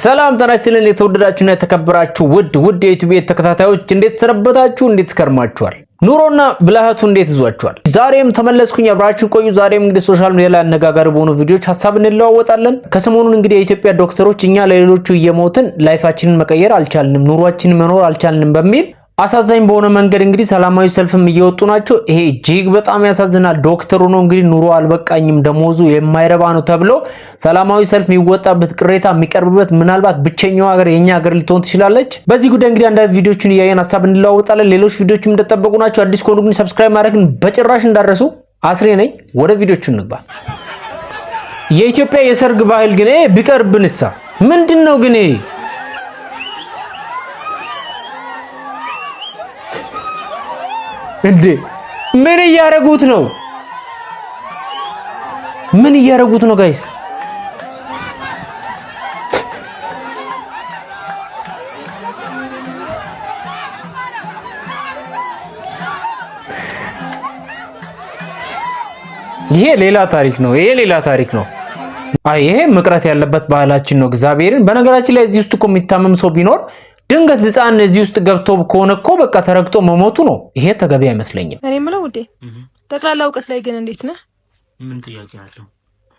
ሰላም ጤና ይስጥልን። የተወደዳችሁና የተከበራችሁ ውድ ውድ የዩቲዩብ ተከታታዮች እንዴት ሰነበታችሁ? እንዴት ከርማችኋል? ኑሮና ብልሃቱ እንዴት ይዟችኋል? ዛሬም ተመለስኩኝ። አብራችሁ ቆዩ። ዛሬም እንግዲህ ሶሻል ሚዲያ ላይ አነጋጋሪ በሆኑ ቪዲዮዎች ሀሳብ እንለዋወጣለን። ከሰሞኑን እንግዲህ የኢትዮጵያ ዶክተሮች እኛ ለሌሎቹ እየሞትን ላይፋችንን መቀየር አልቻልንም፣ ኑሯችንን መኖር አልቻልንም በሚል አሳዛኝ በሆነ መንገድ እንግዲህ ሰላማዊ ሰልፍም እየወጡ ናቸው። ይሄ እጅግ በጣም ያሳዝናል። ዶክተር ሆኖ እንግዲህ ኑሮ አልበቃኝም ደሞዙ የማይረባ ነው ተብሎ ሰላማዊ ሰልፍ የሚወጣበት ቅሬታ የሚቀርብበት ምናልባት ብቸኛው ሀገር የኛ ሀገር ልትሆን ትችላለች። በዚህ ጉዳይ እንግዲህ አንዳንድ ቪዲዮችን እያየን ሀሳብ እንለዋወጣለን። ሌሎች ቪዲዮችም እንደጠበቁ ናቸው። አዲስ ከሆኑ ግን ሰብስክራይብ ማድረግን በጭራሽ እንዳረሱ። አስሬ ነኝ። ወደ ቪዲዮቹ እንግባ። የኢትዮጵያ የሰርግ ባህል ግን ቢቀርብንሳ ምንድን ነው ግን እንዴ ምን እያደረጉት ነው? ምን እያደረጉት ነው ጋይስ? ይሄ ሌላ ታሪክ ነው። ይሄ ሌላ ታሪክ ነው። አይ ይሄ ምቅረት ያለበት ባህላችን ነው። እግዚአብሔርን በነገራችን ላይ እዚህ ውስጥ እኮ የሚታመም ሰው ቢኖር ድንገት ህፃን እዚህ ውስጥ ገብቶ ከሆነ እኮ በቃ ተረግጦ መሞቱ ነው። ይሄ ተገቢ አይመስለኝም። እኔ ምለው ውዴ፣ ጠቅላላ እውቀት ላይ ግን እንዴት ነህ? ምን ጥያቄ አለው?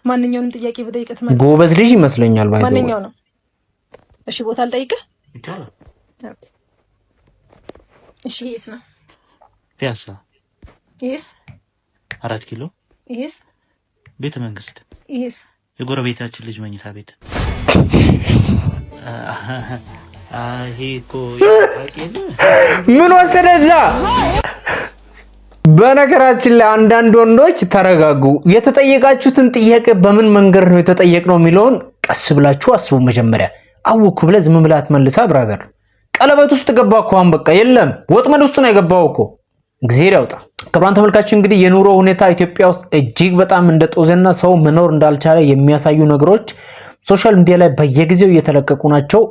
ማንኛውንም ጥያቄ በጠይቀት ማለት ጎበዝ ልጅ ይመስለኛል። ባይ ማንኛው ነው? እሺ፣ ቦታ አልጠይቅህ ይቻላል? እሺ፣ የት ነው? ፒያሳ። ይስ አራት ኪሎ። ይስ ቤተ መንግስት። ይስ የጎረቤታችን ልጅ መኝታ ቤት ምን ወሰደ እዛ? በነገራችን ላይ አንዳንድ ወንዶች ተረጋጉ። የተጠየቃችሁትን ጥያቄ በምን መንገድ ነው የተጠየቅነው የሚለውን ቀስ ብላችሁ አስቡ። መጀመሪያ አወኩ ብለህ ዝም ብላት መልሳ ብራዘር ቀለበት ውስጥ ገባ እኮ አሁን በቃ የለም፣ ወጥመድ ውስጥ ነው የገባው እኮ ጊዜ ያውጣ። ክቡራን ተመልካቾች እንግዲህ የኑሮ ሁኔታ ኢትዮጵያ ውስጥ እጅግ በጣም እንደጦዘና ሰው መኖር እንዳልቻለ የሚያሳዩ ነገሮች ሶሻል ሚዲያ ላይ በየጊዜው እየተለቀቁ ናቸው።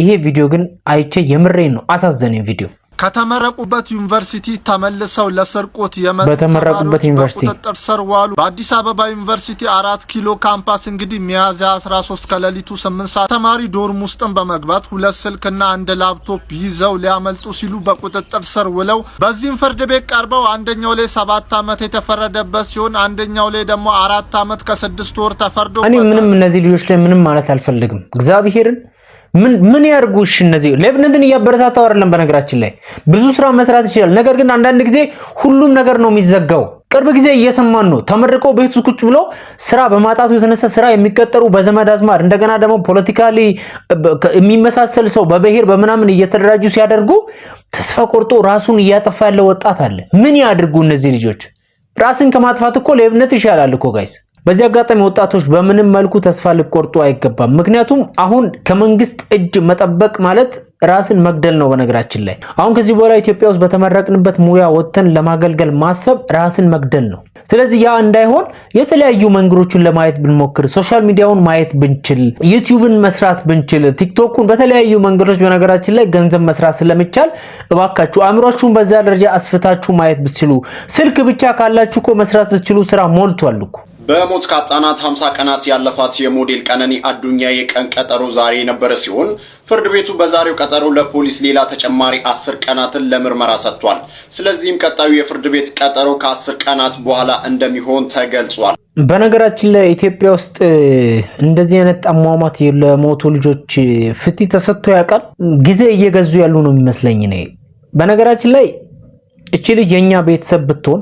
ይሄ ቪዲዮ ግን አይቼ የምሬን ነው አሳዘነኝ ቪዲዮ። ከተመረቁበት ዩኒቨርሲቲ ተመልሰው ለስርቆት በተመረቁበት ዩኒቨርሲቲ በቁጥጥር ስር ዋሉ። በአዲስ አበባ ዩኒቨርሲቲ አራት ኪሎ ካምፓስ እንግዲህ ሚያዝያ 13 ከሌሊቱ 8 ሰዓት ተማሪ ዶርም ውስጥን በመግባት ሁለት ስልክና አንድ ላፕቶፕ ይዘው ሊያመልጡ ሲሉ በቁጥጥር ስር ውለው በዚህም ፍርድ ቤት ቀርበው አንደኛው ላይ ሰባት ዓመት የተፈረደበት ሲሆን አንደኛው ላይ ደግሞ አራት ዓመት ከስድስት ወር ተፈርዶ እኔ ምንም እነዚህ ልጆች ላይ ምንም ማለት አልፈልግም እግዚአብሔርን ምን ያርጉ? እሺ እነዚህ ለብነትን እያበረታታው አይደለም። በነገራችን ላይ ብዙ ስራ መስራት ይችላል። ነገር ግን አንዳንድ ጊዜ ሁሉም ነገር ነው የሚዘጋው። ቅርብ ጊዜ እየሰማን ነው። ተመርቀው ቤት ውስጥ ቁጭ ብሎ ስራ በማጣቱ የተነሳ ስራ የሚቀጠሩ በዘመድ አዝማድ፣ እንደገና ደግሞ ፖለቲካሊ የሚመሳሰል ሰው በብሔር በምናምን እየተደራጁ ሲያደርጉ ተስፋ ቆርጦ ራሱን እያጠፋ ያለ ወጣት አለ። ምን ያድርጉ እነዚህ ልጆች? ራስን ከማጥፋት እኮ ለብነት ይሻላል እኮ ጋይስ። በዚህ አጋጣሚ ወጣቶች በምንም መልኩ ተስፋ ሊቆርጡ አይገባም። ምክንያቱም አሁን ከመንግስት እጅ መጠበቅ ማለት ራስን መግደል ነው። በነገራችን ላይ አሁን ከዚህ በኋላ ኢትዮጵያ ውስጥ በተመረቅንበት ሙያ ወጥተን ለማገልገል ማሰብ ራስን መግደል ነው። ስለዚህ ያ እንዳይሆን የተለያዩ መንገዶችን ለማየት ብንሞክር፣ ሶሻል ሚዲያውን ማየት ብንችል፣ ዩቲዩብን መስራት ብንችል፣ ቲክቶኩን በተለያዩ መንገዶች በነገራችን ላይ ገንዘብ መስራት ስለሚቻል እባካችሁ አእምሯችሁን በዛ ደረጃ አስፍታችሁ ማየት ብትችሉ፣ ስልክ ብቻ ካላችሁ እኮ መስራት ብትችሉ ስራ ሞልቷል እኮ በሞት ካጣናት 50 ቀናት ያለፋት የሞዴል ቀነኒ አዱኛ የቀን ቀጠሮ ዛሬ የነበረ ሲሆን ፍርድ ቤቱ በዛሬው ቀጠሮ ለፖሊስ ሌላ ተጨማሪ አስር ቀናትን ለምርመራ ሰጥቷል። ስለዚህም ቀጣዩ የፍርድ ቤት ቀጠሮ ከአስር ቀናት በኋላ እንደሚሆን ተገልጿል። በነገራችን ላይ ኢትዮጵያ ውስጥ እንደዚህ አይነት አሟሟት ለሞቱ ልጆች ፍትህ ተሰጥቶ ያውቃል? ጊዜ እየገዙ ያሉ ነው የሚመስለኝ እኔ። በነገራችን ላይ እቺ ልጅ የእኛ ቤተሰብ ብትሆን፣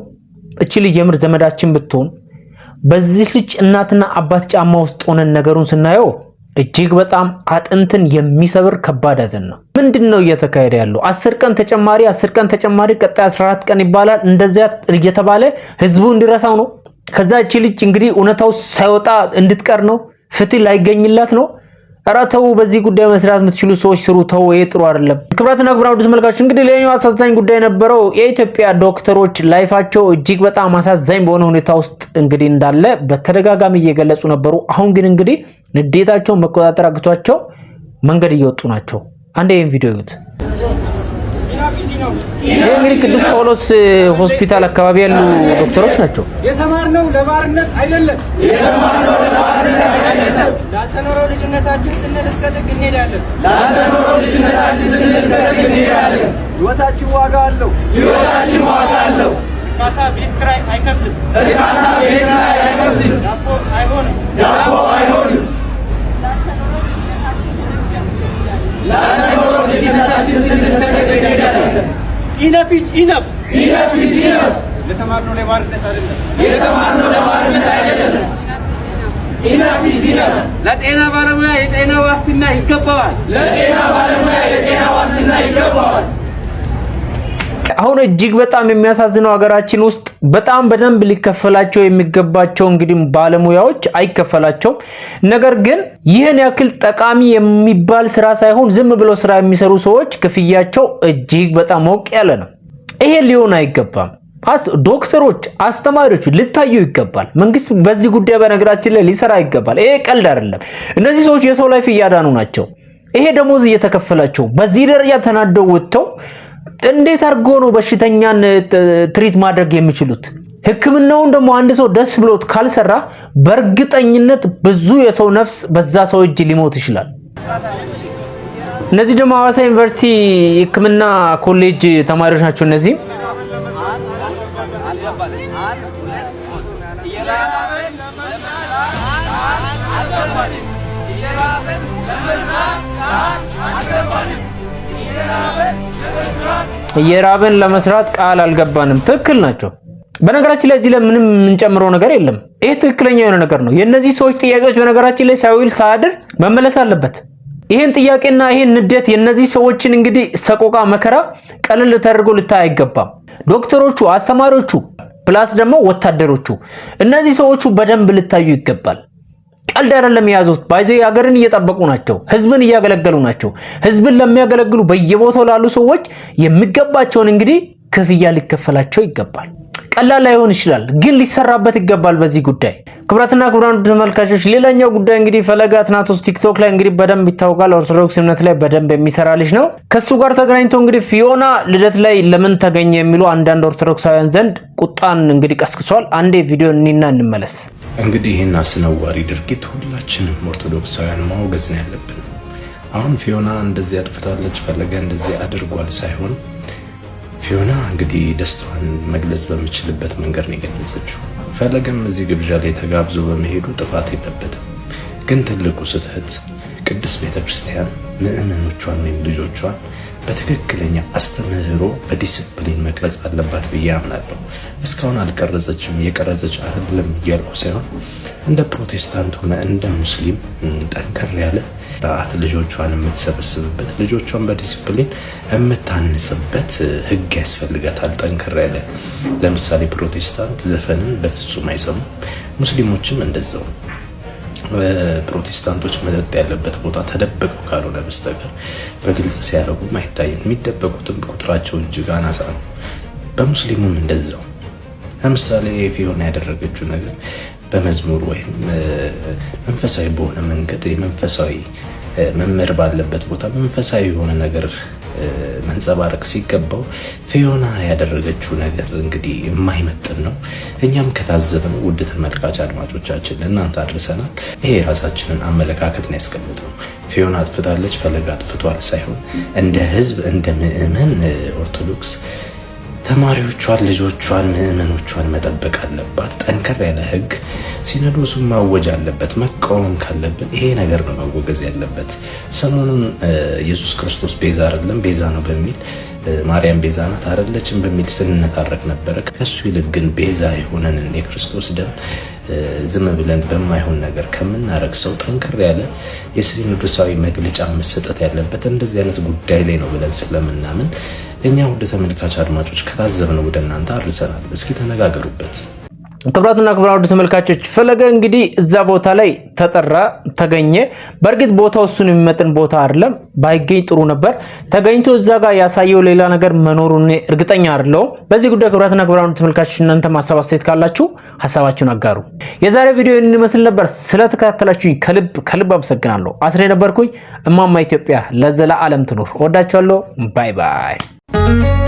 እቺ ልጅ የምር ዘመዳችን ብትሆን በዚህ ልጅ እናትና አባት ጫማ ውስጥ ሆነን ነገሩን ስናየው እጅግ በጣም አጥንትን የሚሰብር ከባድ ሐዘን ነው። ምንድን ነው እየተካሄደ ያለው? አስር ቀን ተጨማሪ አስር ቀን ተጨማሪ ቀጣይ 14 ቀን ይባላል። እንደዚያ እየተባለ ህዝቡ እንዲረሳው ነው። ከዛ እቺ ልጅ እንግዲህ እውነታው ሳይወጣ እንድትቀር ነው። ፍትህ ላይገኝላት ነው። ኧረ ተው፣ በዚህ ጉዳይ መስራት የምትችሉ ሰዎች ስሩ። ተው፣ ይሄ ጥሩ አይደለም። ክቡራትና ክቡራን ውድ ተመልካቾች እንግዲህ ሌላኛው አሳዛኝ ጉዳይ ነበረው የኢትዮጵያ ዶክተሮች ላይፋቸው እጅግ በጣም አሳዛኝ በሆነ ሁኔታ ውስጥ እንግዲህ እንዳለ በተደጋጋሚ እየገለጹ ነበሩ። አሁን ግን እንግዲህ ንዴታቸውን መቆጣጠር አግቷቸው መንገድ እየወጡ ናቸው። አንድ ይህን ቪዲዮ ይዩት። ይህ እንግዲህ ቅዱስ ጳውሎስ ሆስፒታል አካባቢ ያሉ ዶክተሮች ናቸው። የተማርነው ለባርነት አይደለም፣ ላልተኖረው ልጅነታችን ስንል እስከ ጥግ እንሄዳለን። ሕይወታችን ዋጋ አለው። ሕይወታችን ዋጋ አለው። እርካታ ቤት ኪራይ አይከፍልም። እርካታ ቤት ኪራይ አይከፍልም። ዳቦ አይሆንም። ዳቦ አይሆንም። ላልተኖረው ልጅነታችን ስንል ኢነፊስ ኢነፍ ኢነፊስ ኢነፍ። የተማርነው ለባርነት አይደለም፣ የተማርነው ለባርነት አይደለም። ለጤና ባለሙያ የጤና ዋስትና ይገባዋል፣ ለጤና ባለሙያ የጤና ዋስትና ይገባዋል። አሁን እጅግ በጣም የሚያሳዝነው ሀገራችን ውስጥ በጣም በደንብ ሊከፈላቸው የሚገባቸው እንግዲህ ባለሙያዎች አይከፈላቸውም። ነገር ግን ይህን ያክል ጠቃሚ የሚባል ስራ ሳይሆን ዝም ብሎ ስራ የሚሰሩ ሰዎች ክፍያቸው እጅግ በጣም ሞቅ ያለ ነው። ይሄ ሊሆን አይገባም። ዶክተሮች፣ አስተማሪዎች ልታዩ ይገባል። መንግስት በዚህ ጉዳይ በነገራችን ላይ ሊሰራ ይገባል። ይሄ ቀልድ አይደለም። እነዚህ ሰዎች የሰው ላይፍ እያዳኑ ናቸው። ይሄ ደሞዝ እየተከፈላቸው በዚህ ደረጃ ተናደው ወጥተው እንዴት አድርጎ ነው በሽተኛን ትሪት ማድረግ የሚችሉት? ህክምናውን ደግሞ አንድ ሰው ደስ ብሎት ካልሰራ በእርግጠኝነት ብዙ የሰው ነፍስ በዛ ሰው እጅ ሊሞት ይችላል። እነዚህ ደግሞ ሀዋሳ ዩኒቨርሲቲ ህክምና ኮሌጅ ተማሪዎች ናቸው። እነዚህ የራብን ለመስራት ቃል አልገባንም። ትክክል ናቸው። በነገራችን ላይ እዚህ ላይ ምንም የምንጨምረው ነገር የለም። ይሄ ትክክለኛ የሆነ ነገር ነው። የእነዚህ ሰዎች ጥያቄዎች በነገራችን ላይ ሳይውል ሳያድር መመለስ አለበት። ይህን ጥያቄና ይህን ንዴት የእነዚህ ሰዎችን እንግዲህ ሰቆቃ፣ መከራ ቀለል ልተደርጎ ልታይ አይገባም። ዶክተሮቹ፣ አስተማሪዎቹ፣ ፕላስ ደግሞ ወታደሮቹ እነዚህ ሰዎቹ በደንብ ልታዩ ይገባል። ቀልድ አይደለም የያዙት። ባይዘ ሀገርን እየጠበቁ ናቸው። ህዝብን እያገለገሉ ናቸው። ህዝብን ለሚያገለግሉ በየቦታው ላሉ ሰዎች የሚገባቸውን እንግዲህ ክፍያ ሊከፈላቸው ይገባል። ቀላል ላይሆን ይችላል፣ ግን ሊሰራበት ይገባል በዚህ ጉዳይ። ክብረትና ክብራን ተመልካቾች ሌላኛው ጉዳይ እንግዲህ ፈለገ አትናቶስ ቲክቶክ ላይ እንግዲህ በደንብ ይታወቃል። ኦርቶዶክስ እምነት ላይ በደንብ የሚሰራ ልጅ ነው። ከሱ ጋር ተገናኝቶ እንግዲህ ፊዮና ልደት ላይ ለምን ተገኘ የሚሉ አንዳንድ ኦርቶዶክሳውያን ዘንድ ቁጣን እንግዲህ ቀስቅሷል። አንዴ ቪዲዮ እኒና እንመለስ። እንግዲህ ይህን አስነዋሪ ድርጊት ሁላችንም ኦርቶዶክሳውያን ማውገዝ ነው ያለብን። አሁን ፊዮና እንደዚህ አጥፍታለች፣ ፈለገ እንደዚህ አድርጓል ሳይሆን ፊዮና እንግዲህ ደስታዋን መግለጽ በምችልበት መንገድ ነው የገለጸችው። ፈለገም እዚህ ግብዣ ላይ ተጋብዞ በመሄዱ ጥፋት የለበትም። ግን ትልቁ ስህተት ቅድስት ቤተ ክርስቲያን ምዕመኖቿን ወይም ልጆቿን በትክክለኛ አስተምህሮ በዲስፕሊን መቅረጽ አለባት ብዬ አምናለሁ። እስካሁን አልቀረጸችም፣ የቀረጸች አይደለም እያልኩ ሳይሆን እንደ ፕሮቴስታንት ሆነ እንደ ሙስሊም ጠንከር ያለ ስርዓት ልጆቿን የምትሰበስብበት ልጆቿን በዲስፕሊን የምታንጽበት ህግ ያስፈልጋታል። ጠንከር ያለ ለምሳሌ ፕሮቴስታንት ዘፈንን በፍጹም አይሰሙም። ሙስሊሞችም እንደዛው ፕሮቴስታንቶች መጠጥ ያለበት ቦታ ተደብቀው ካልሆነ በስተቀር በግልጽ ሲያደርጉም አይታይም። የሚደበቁትም ቁጥራቸው እጅግ አናሳ ነው። በሙስሊሙም እንደዛው ለምሳሌ ፊዮና ያደረገችው ነገር በመዝሙር ወይም መንፈሳዊ በሆነ መንገድ መንፈሳዊ መምህር ባለበት ቦታ መንፈሳዊ የሆነ ነገር መንጸባረቅ ሲገባው ፊዮና ያደረገችው ነገር እንግዲህ የማይመጥን ነው። እኛም ከታዘብን ውድ ተመልካች አድማጮቻችን ለእናንተ አድርሰናል። ይሄ የራሳችንን አመለካከት ነው ያስቀምጥነው። ፊዮና አጥፍታለች፣ ፈለገ አጥፍቷል ሳይሆን እንደ ሕዝብ እንደ ምዕመን ኦርቶዶክስ ተማሪዎቿን፣ ልጆቿን፣ ምዕመኖቿን መጠበቅ አለባት። ጠንከር ያለ ህግ ሲኖዶሱ ማወጅ አለበት። መቃወም ካለብን ይሄ ነገር ነው መወገዝ ያለበት። ሰሞኑን ኢየሱስ ክርስቶስ ቤዛ አይደለም ቤዛ ነው በሚል ማርያም ቤዛ ናት አይደለችም በሚል ስንነታረክ ነበረ። ከሱ ይልቅ ግን ቤዛ የሆነንን የክርስቶስ ደም ዝም ብለን በማይሆን ነገር ከምናረግ ሰው ጠንከር ያለ የሲኖዶሳዊ መግለጫ መሰጠት ያለበት እንደዚህ አይነት ጉዳይ ላይ ነው ብለን ስለምናምን እኛ ወደ ተመልካች አድማጮች ከታዘብነው ወደ እናንተ አድርሰናል። እስኪ ተነጋገሩበት። ክቡራትና ክብራ ወደ ተመልካቾች ፈለገ እንግዲህ እዛ ቦታ ላይ ተጠራ፣ ተገኘ። በእርግጥ ቦታው እሱን የሚመጥን ቦታ አይደለም፣ ባይገኝ ጥሩ ነበር። ተገኝቶ እዛ ጋር ያሳየው ሌላ ነገር መኖሩን እርግጠኛ አይደለሁም። በዚህ ጉዳይ ክቡራትና ክቡራን ወደ ተመልካቾች እናንተ ሀሳብ አስተያየት ካላችሁ ሀሳባችሁን አጋሩ። የዛሬ ቪዲዮ ይመስል ነበር። ስለተከታተላችሁኝ ከልብ ከልብ አመሰግናለሁ። አስሬ ነበርኩኝ። እማማ ኢትዮጵያ ለዘላ አለም ትኑር። ወዳችኋለሁ። ባይ ባይ